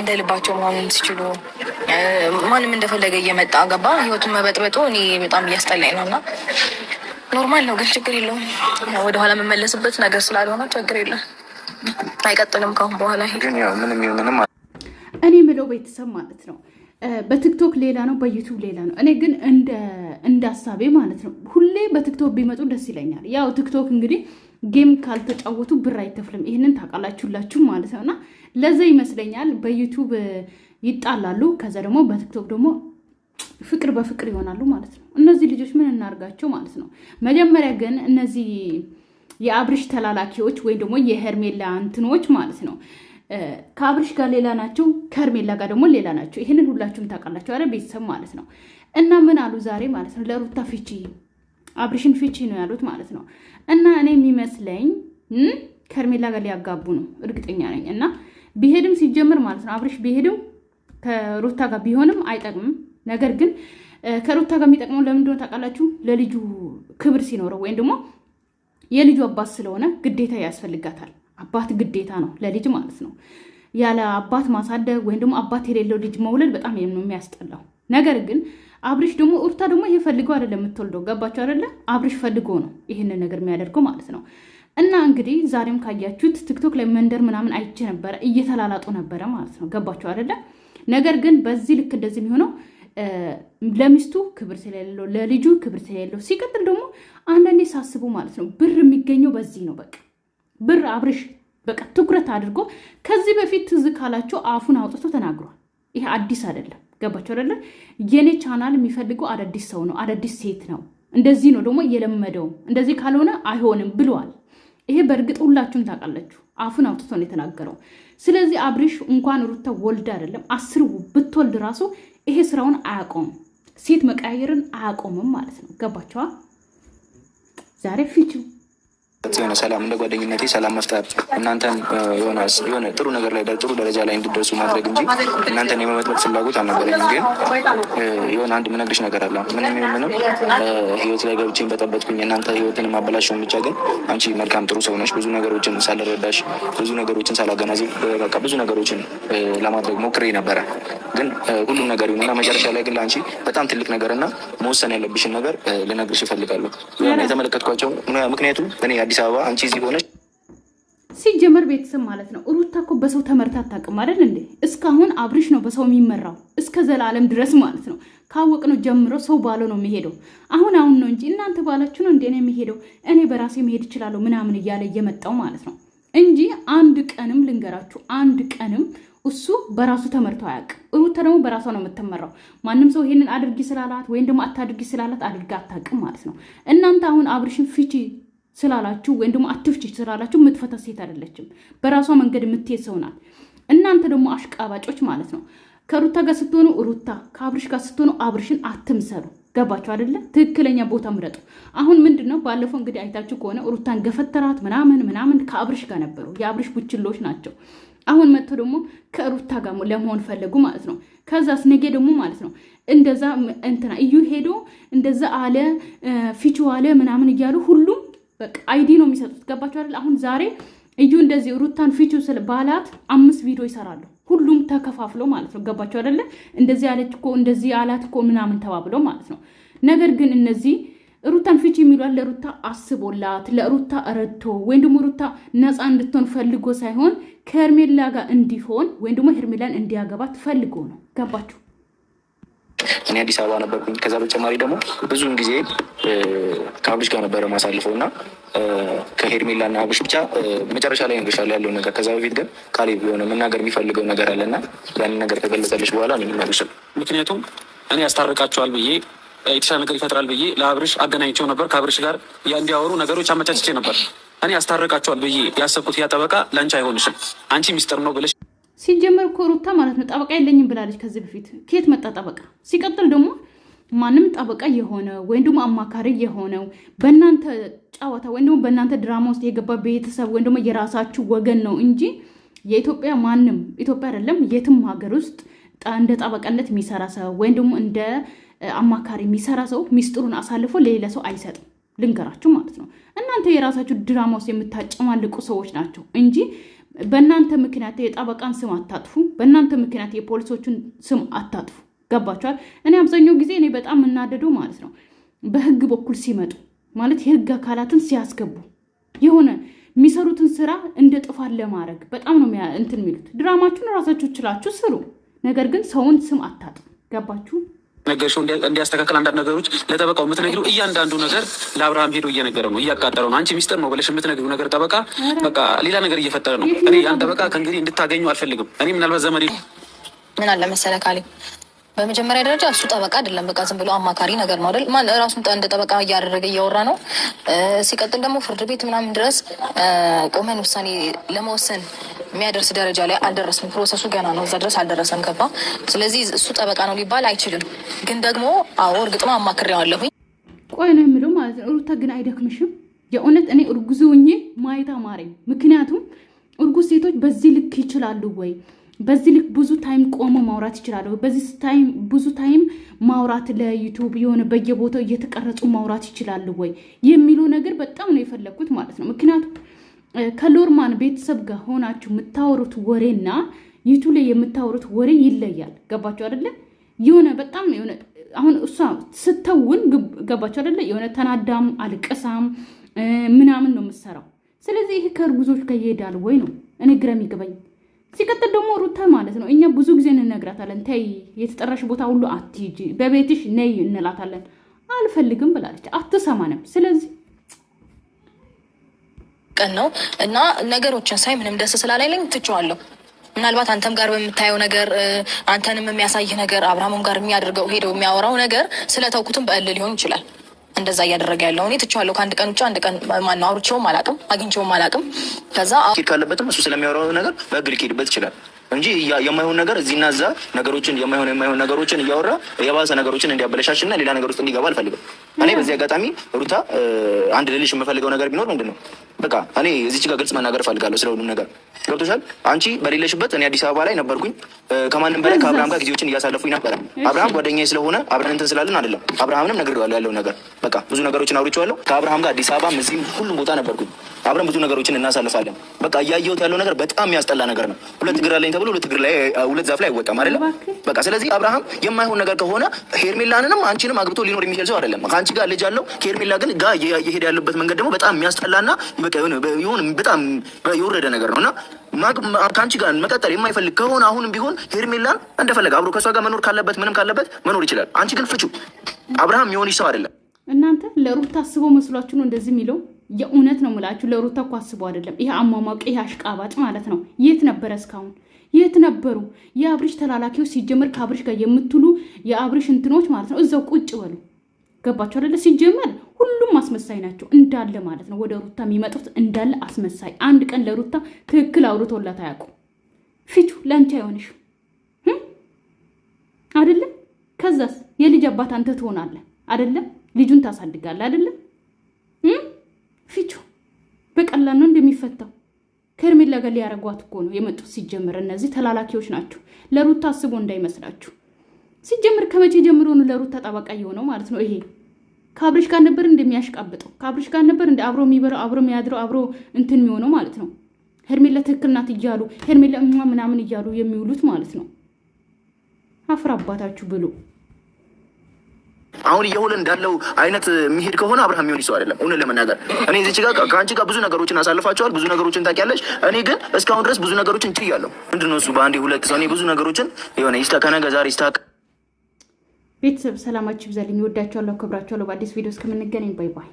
እንደ ልባቸው መሆኑን ሲችሉ ማንም እንደፈለገ እየመጣ ገባ ህይወቱን መበጥበጡ እኔ በጣም እያስጠላኝ ነው እና ኖርማል ነው ግን ችግር የለውም። ወደኋላ የምመለስበት ነገር ስላልሆነ ችግር የለም፣ አይቀጥልም ከአሁን በኋላ እኔ ምለው ቤተሰብ ማለት ነው። በቲክቶክ ሌላ ነው፣ በዩቱብ ሌላ ነው። እኔ ግን እንደ ሀሳቤ ማለት ነው ሁሌ በቲክቶክ ቢመጡ ደስ ይለኛል። ያው ቲክቶክ እንግዲህ ጌም ካልተጫወቱ ብር አይከፍልም። ይህንን ታውቃላችሁላችሁ ማለት ነውእና ለዛ ይመስለኛል በዩቱብ ይጣላሉ። ከዛ ደግሞ በቲክቶክ ደግሞ ፍቅር በፍቅር ይሆናሉ ማለት ነው። እነዚህ ልጆች ምን እናርጋቸው ማለት ነው። መጀመሪያ ግን እነዚህ የአብርሽ ተላላኪዎች ወይም ደግሞ የሄርሜላ እንትኖች ማለት ነው ከአብርሽ ጋር ሌላ ናቸው፣ ከርሜላ ጋር ደግሞ ሌላ ናቸው። ይህንን ሁላችሁም ታውቃላችሁ አይደል? ቤተሰብ ማለት ነው። እና ምን አሉ ዛሬ ማለት ነው ለሩታ ፍቺ አብሪሽን ፍቺ ነው ያሉት ማለት ነው። እና እኔ የሚመስለኝ ከርሜላ ጋር ሊያጋቡ ነው እርግጠኛ ነኝ። እና ቢሄድም ሲጀምር ማለት ነው አብርሽ ቢሄድም ከሩታ ጋር ቢሆንም አይጠቅምም። ነገር ግን ከሩታ ጋር የሚጠቅመው ለምን እንደሆነ ታውቃላችሁ? ለልጁ ክብር ሲኖረው ወይም ደግሞ የልጁ አባት ስለሆነ ግዴታ ያስፈልጋታል። አባት ግዴታ ነው ለልጅ ማለት ነው። ያለ አባት ማሳደግ ወይም ደግሞ አባት የሌለው ልጅ መውለድ በጣም የሚያስጠላው ነገር ግን አብሪሽ ደግሞ እርታ ደግሞ ይሄ ፈልገው አይደለም የምትወልደው። ገባቸው አይደለ? አብሪሽ ፈልጎ ነው ይህንን ነገር የሚያደርገው ማለት ነው። እና እንግዲህ ዛሬም ካያችሁት ቲክቶክ ላይ መንደር ምናምን አይቼ ነበረ፣ እየተላላጡ ነበረ ማለት ነው። ገባቸው አይደለ? ነገር ግን በዚህ ልክ እንደዚህ የሚሆነው ለሚስቱ ክብር ስለሌለው፣ ለልጁ ክብር ስለሌለው፣ ሲቀጥል ደግሞ አንዳንዴ ሳስቡ ማለት ነው ብር የሚገኘው በዚህ ነው። በቃ ብር አብርሽ በቃ ትኩረት አድርጎ ከዚህ በፊት ትዝ ካላቸው አፉን አውጥቶ ተናግሯል። ይሄ አዲስ አይደለም። ገባቸው አይደለ? የኔ ቻናል የሚፈልገው አዳዲስ ሰው ነው፣ አዳዲስ ሴት ነው። እንደዚህ ነው ደግሞ እየለመደው፣ እንደዚህ ካልሆነ አይሆንም ብለዋል። ይሄ በእርግጥ ሁላችሁም ታውቃላችሁ፣ አፉን አውጥቶ ነው የተናገረው። ስለዚህ አብሪሽ እንኳን ሩታ ወልድ አይደለም አስር ብትወልድ ራሱ ይሄ ስራውን አያቆም፣ ሴት መቀያየርን አያቆምም ማለት ነው። ገባቸዋ ዛሬ ፊችው የሆነ ሰላም እንደ ጓደኝነቴ ሰላም መፍጠር እናንተን የሆነ ጥሩ ነገር ላይ ጥሩ ደረጃ ላይ እንድደርሱ ማድረግ እንጂ እናንተን የመመጥመጥ ፍላጎት አልነበረኝም። ግን የሆነ አንድ ምነግርሽ ነገር አለ። ምንም ምንም ህይወት ላይ ገብቼን በጠበጥኩኝ እናንተ ህይወትን ማበላሸው ብቻ። ግን አንቺ መልካም ጥሩ ሰው ነሽ። ብዙ ነገሮችን ሳልረዳሽ፣ ብዙ ነገሮችን ሳላገናዝብ፣ በቃ ብዙ ነገሮችን ለማድረግ ሞክሬ ነበረ። ግን ሁሉም ነገር ይሁንና መጨረሻ ላይ ግን ለአንቺ በጣም ትልቅ ነገርና መወሰን ያለብሽን ነገር ልነግርሽ እፈልጋለሁ የተመለከትኳቸው ምክንያቱም እኔ አዲስ አበባ አንቺ እዚህ ሆነች ሲጀመር ቤተሰብ ማለት ነው። ሩታ እኮ በሰው ተመርታ አታውቅም አይደል እንዴ? እስካሁን አብርሽ ነው በሰው የሚመራው እስከ ዘላለም ድረስ ማለት ነው። ካወቅ ነው ጀምሮ ሰው ባለ ነው የሚሄደው። አሁን አሁን ነው እንጂ እናንተ ባላችሁ ነው እንዴ ነው የሚሄደው። እኔ በራሴ መሄድ እችላለሁ ምናምን እያለ እየመጣው ማለት ነው እንጂ አንድ ቀንም ልንገራችሁ፣ አንድ ቀንም እሱ በራሱ ተመርቶ አያውቅም። ሩታ ደግሞ በራሷ ነው የምትመራው። ማንም ሰው ይሄንን አድርጊ ስላላት ወይም ደግሞ አታድርጊ ስላላት አድርጋ አታውቅም ማለት ነው። እናንተ አሁን አብርሽን ፍቺ ስላላችሁ ወይም ደግሞ አትፍች ስላላችሁ የምትፈታ ሴት አይደለችም። በራሷ መንገድ የምትሄድ ሰው ናት። እናንተ ደግሞ አሽቃባጮች ማለት ነው። ከሩታ ጋር ስትሆኑ ሩታ፣ ከአብርሽ ጋር ስትሆኑ አብርሽን አትምሰሉ። ገባችሁ አይደለ? ትክክለኛ ቦታ ምረጡ። አሁን ምንድን ነው ባለፈው እንግዲህ አይታችሁ ከሆነ ሩታን ገፈተራት ምናምን ምናምን ከአብርሽ ጋር ነበሩ። የአብርሽ ቡችሎች ናቸው። አሁን መጥቶ ደግሞ ከሩታ ጋር ለመሆን ፈለጉ ማለት ነው። ከዛ ስነጌ ደግሞ ማለት ነው እንደዛ እንትና እዩ ሄዶ እንደዛ አለ ፊቹ አለ ምናምን እያሉ ሁሉም በቃ አይዲ ነው የሚሰጡት። ገባቸው አይደል? አሁን ዛሬ እዩ እንደዚህ ሩታን ፊቹ ባላት አምስት ቪዲዮ ይሰራሉ። ሁሉም ተከፋፍሎ ማለት ነው። ገባቸው አይደለ? እንደዚህ አለች እኮ እንደዚህ አላት እኮ ምናምን ተባብሎ ማለት ነው። ነገር ግን እነዚህ ሩታን ፊች የሚሏል ለሩታ አስቦላት ለሩታ ረድቶ ወይም ደግሞ ሩታ ነፃ እንድትሆን ፈልጎ ሳይሆን ከሄርሜላ ጋር እንዲሆን ወይም ደግሞ ሄርሜላን እንዲያገባ ፈልጎ ነው። ገባችሁ? እኔ አዲስ አበባ ነበርኩኝ። ከዛ በተጨማሪ ደግሞ ብዙውን ጊዜ ከአብሽ ጋር ነበረ ማሳልፈው እና ከሄርሜላ እና አብርሽ ብቻ መጨረሻ ላይ ነገሻለ ያለው ነገር። ከዛ በፊት ግን ካሌብ የሆነ መናገር የሚፈልገው ነገር አለ እና ያንን ነገር ከገለጸልሽ በኋላ ሚመልስል ምክንያቱም እኔ ያስታርቃቸዋል ብዬ የተሻለ ነገር ይፈጥራል ብዬ ለአብርሽ አገናኝቸው ነበር። ከአብርሽ ጋር እንዲያወሩ ነገሮች አመቻችቼ ነበር። እኔ ያስታርቃቸዋል ብዬ ያሰብኩት ያጠበቃ ጠበቃ ለአንቺ አይሆንሽም፣ አንቺ ሚስጥር ነው ብለሽ ሲጀመር እኮ ሩታ ማለት ነው ጠበቃ የለኝም ብላለች ከዚህ በፊት ከየት መጣ ጠበቃ? ሲቀጥል ደግሞ ማንም ጠበቃ የሆነው ወይም ደግሞ አማካሪ የሆነው በእናንተ ጨዋታ ወይም ደግሞ በእናንተ ድራማ ውስጥ የገባ ቤተሰብ ወይም ደግሞ የራሳችሁ ወገን ነው እንጂ የኢትዮጵያ ማንም ኢትዮጵያ አይደለም የትም ሀገር ውስጥ እንደ ጠበቃነት የሚሰራ ሰው ወይም ደግሞ እንደ አማካሪ የሚሰራ ሰው ሚስጥሩን አሳልፎ ለሌላ ሰው አይሰጥም። ልንገራችሁ ማለት ነው እናንተ የራሳችሁ ድራማ ውስጥ የምታጨማልቁ ሰዎች ናቸው እንጂ በእናንተ ምክንያት የጠበቃን ስም አታጥፉ። በእናንተ ምክንያት የፖሊሶቹን ስም አታጥፉ። ገባችኋል? እኔ አብዛኛው ጊዜ እኔ በጣም የምናደደው ማለት ነው በህግ በኩል ሲመጡ ማለት የህግ አካላትን ሲያስገቡ የሆነ የሚሰሩትን ስራ እንደ ጥፋት ለማድረግ በጣም ነው እንትን የሚሉት። ድራማችሁን ራሳችሁ ችላችሁ ስሩ፣ ነገር ግን ሰውን ስም አታጥፉ። ገባችሁ? ነገርሽው እንዲያስተካከል አንዳንድ ነገሮች ለጠበቃው የምትነግሪው እያንዳንዱ ነገር ለአብርሃም ሄዶ እየነገረ ነው፣ እያቃጠረ ነው። አንቺ ሚስጥር ነው ብለሽ የምትነግሪው ነገር ጠበቃ በቃ ሌላ ነገር እየፈጠረ ነው። እኔ ያን ጠበቃ ከእንግዲህ እንድታገኙ አልፈልግም። እኔ ምናልባት ዘመድ ምን አለ በመጀመሪያ ደረጃ እሱ ጠበቃ አይደለም። በቃ ዝም ብሎ አማካሪ ነገር ነው አይደል? ማለት ራሱን እንደ ጠበቃ እያደረገ እያወራ ነው። ሲቀጥል ደግሞ ፍርድ ቤት ምናምን ድረስ ቆመን ውሳኔ ለመወሰን የሚያደርስ ደረጃ ላይ አልደረስም። ፕሮሰሱ ገና ነው፣ እዛ ድረስ አልደረሰም። ገባ? ስለዚህ እሱ ጠበቃ ነው ሊባል አይችልም። ግን ደግሞ አዎ፣ እርግጥማ አማክሬዋለሁኝ። ቆይ ነው የምለው ማለት ነው። ሩታ ግን አይደክምሽም? የእውነት እኔ እርጉዝ ሆኜ ማየት አማረኝ። ምክንያቱም እርጉዝ ሴቶች በዚህ ልክ ይችላሉ ወይ በዚህ ልክ ብዙ ታይም ቆሞ ማውራት ይችላለሁ። በዚህ ታይም ብዙ ታይም ማውራት ለዩቱብ የሆነ በየቦታው እየተቀረጹ ማውራት ይችላሉ ወይ የሚሉ ነገር በጣም ነው የፈለግኩት ማለት ነው። ምክንያቱም ከሎርማን ቤተሰብ ጋር ሆናችሁ የምታወሩት ወሬና ዩቱብ ላይ የምታወሩት ወሬ ይለያል። ገባችሁ አደለ? የሆነ በጣም የሆነ አሁን እሷ ስተውን ገባችሁ አደለ የሆነ ተናዳም አልቀሳም ምናምን ነው የምትሰራው። ስለዚህ ይህ ከእርጉዞች ጋር ይሄዳል ወይ ነው እኔ ግረም የሚገባኝ። ሲቀጥል ደግሞ ሩታ ማለት ነው እኛ ብዙ ጊዜ እንነግራታለን። ተይ የተጠራሽ ቦታ ሁሉ አትሂጂ፣ በቤትሽ ነይ እንላታለን። አልፈልግም ብላለች፣ አትሰማንም። ስለዚህ ቀን ነው እና ነገሮችን ሳይ ምንም ደስ ስላላለኝ ትችዋለሁ። ምናልባት አንተም ጋር በምታየው ነገር አንተንም የሚያሳይህ ነገር አብርሃምም ጋር የሚያደርገው ሄደው የሚያወራው ነገር ስለተውኩትም በእል ሊሆን ይችላል እንደዛ እያደረገ ያለው እኔ ትቼዋለሁ። ከአንድ ቀን ውጭ አንድ ቀን ማነው አውርቼውም አላውቅም፣ አግኝቼውም አላውቅም። ከዛ ካለበትም እሱ ስለሚያወራው ነገር በግል ሄድበት ይችላል እንጂ የማይሆን ነገር እዚህና እዛ ነገሮችን የማይሆን የማይሆን ነገሮችን እያወራ የባሰ ነገሮችን እንዲያበለሻሽ እና ሌላ ነገር ውስጥ እንዲገባ አልፈልግም። እኔ በዚህ አጋጣሚ ሩታ አንድ ልልሽ የምፈልገው ነገር ቢኖር ምንድን ነው፣ በቃ እኔ እዚች ጋር ግልጽ መናገር እፈልጋለሁ ስለ ሁሉም ነገር ገብቶሻል። አንቺ በሌለሽበት እኔ አዲስ አበባ ላይ ነበርኩኝ። ከማንም በላይ ከአብርሃም ጋር ጊዜዎችን እያሳለፉኝ ነበረ። አብርሃም ጓደኛዬ ስለሆነ አብረን እንትን ስላለን አይደለም፣ አብርሃምንም ነግሬዋለሁ ያለው ነገር በቃ ብዙ ነገሮችን አውርቼዋለሁ። ከአብርሃም ጋር አዲስ አበባም እዚህም ሁሉም ቦታ ነበርኩኝ። አብረን ብዙ ነገሮችን እናሳልፋለን። በቃ እያየሁት ያለው ነገር በጣም የሚያስጠላ ነገር ነው። ሁለት እግር አለኝ ተብሎ ሁለት እግር ላይ ሁለት ዛፍ ላይ አይወጣም አይደለም። በቃ ስለዚህ አብርሃም የማይሆን ነገር ከሆነ ሄርሜላንንም አንቺንም አግብቶ ሊኖር የሚችል ሰው አይደለም። ከአንቺ ጋር ልጅ አለው፣ ከሄርሜላ ግን ጋር እየሄደ ያለበት መንገድ ደግሞ በጣም የሚያስጠላና ሆን በጣም የወረደ ነገር ነው እና ከአንቺ ጋር መቀጠል የማይፈልግ ከሆነ አሁንም ቢሆን ሄርሜላን እንደፈለገ አብሮ ከእሷ ጋር መኖር ካለበት ምንም ካለበት መኖር ይችላል። አንቺ ግን ፍቹ አብርሃም የሆን ሰው አይደለም። እናንተ ለሩታ ታስቦ መስሏችሁ ነው እንደዚህ የሚለው? የእውነት ነው ምላችሁ። ለሩታ እኮ አስቦ አይደለም። ይሄ አሟሟቂ፣ ይሄ አሽቃባጭ ማለት ነው። የት ነበረ እስካሁን? የት ነበሩ? የአብርሽ ተላላኪዎች ሲጀመር ከአብርሽ ጋር የምትሉ የአብርሽ እንትኖች ማለት ነው። እዛው ቁጭ በሉ። ገባቸው አደለ? ሲጀመር ሁሉም አስመሳይ ናቸው እንዳለ ማለት ነው። ወደ ሩታ የሚመጡት እንዳለ አስመሳይ። አንድ ቀን ለሩታ ትክክል አውርቶላት አያውቁ። ፊቱ ለአንቺ አይሆንሽ አደለም? ከዛስ የልጅ አባት አንተ ትሆናለህ አደለም? ልጁን ታሳድጋለህ አይደለም ፊቹ በቀላል ነው እንደሚፈታው ከሄርሜላ ለገል ያደረጓት እኮ ነው የመጡት። ሲጀምር እነዚህ ተላላኪዎች ናቸው። ለሩት ታስቦ እንዳይመስላችሁ። ሲጀምር ከመቼ ጀምሮ ነው ለሩት ተጠባቃ የሆነው ማለት ነው? ይሄ ከአብርሽ ጋር ነበር እንደሚያሽቃብጠው ከአብርሽ ጋር ነበር እንደ አብሮ የሚበረው አብሮ የሚያድረው አብሮ እንትን የሚሆነው ማለት ነው። ሄርሜላ ትክክል ናት እያሉ ሄርሜላ ምናምን እያሉ የሚውሉት ማለት ነው። አፍራ አባታችሁ ብሎ አሁን እየሆነ እንዳለው አይነት የሚሄድ ከሆነ አብርሃም የሚሆን ይሰው አይደለም። እውነት ለመናገር እኔ እዚች ጋር ከአንቺ ጋር ብዙ ነገሮችን አሳልፋቸዋል፣ ብዙ ነገሮችን ታውቂያለሽ። እኔ ግን እስካሁን ድረስ ብዙ ነገሮችን ችያለሁ። ምንድነው እሱ በአንዴ ሁለት ሰው እኔ ብዙ ነገሮችን የሆነ ይስታ ከነገ ዛሬ ይስተካከ ቤተሰብ ሰላማችሁ ይብዛልኝ። ወዳችኋለሁ፣ ክብራችኋለሁ። በአዲስ ቪዲዮ እስከምንገናኝ ባይ ባይ።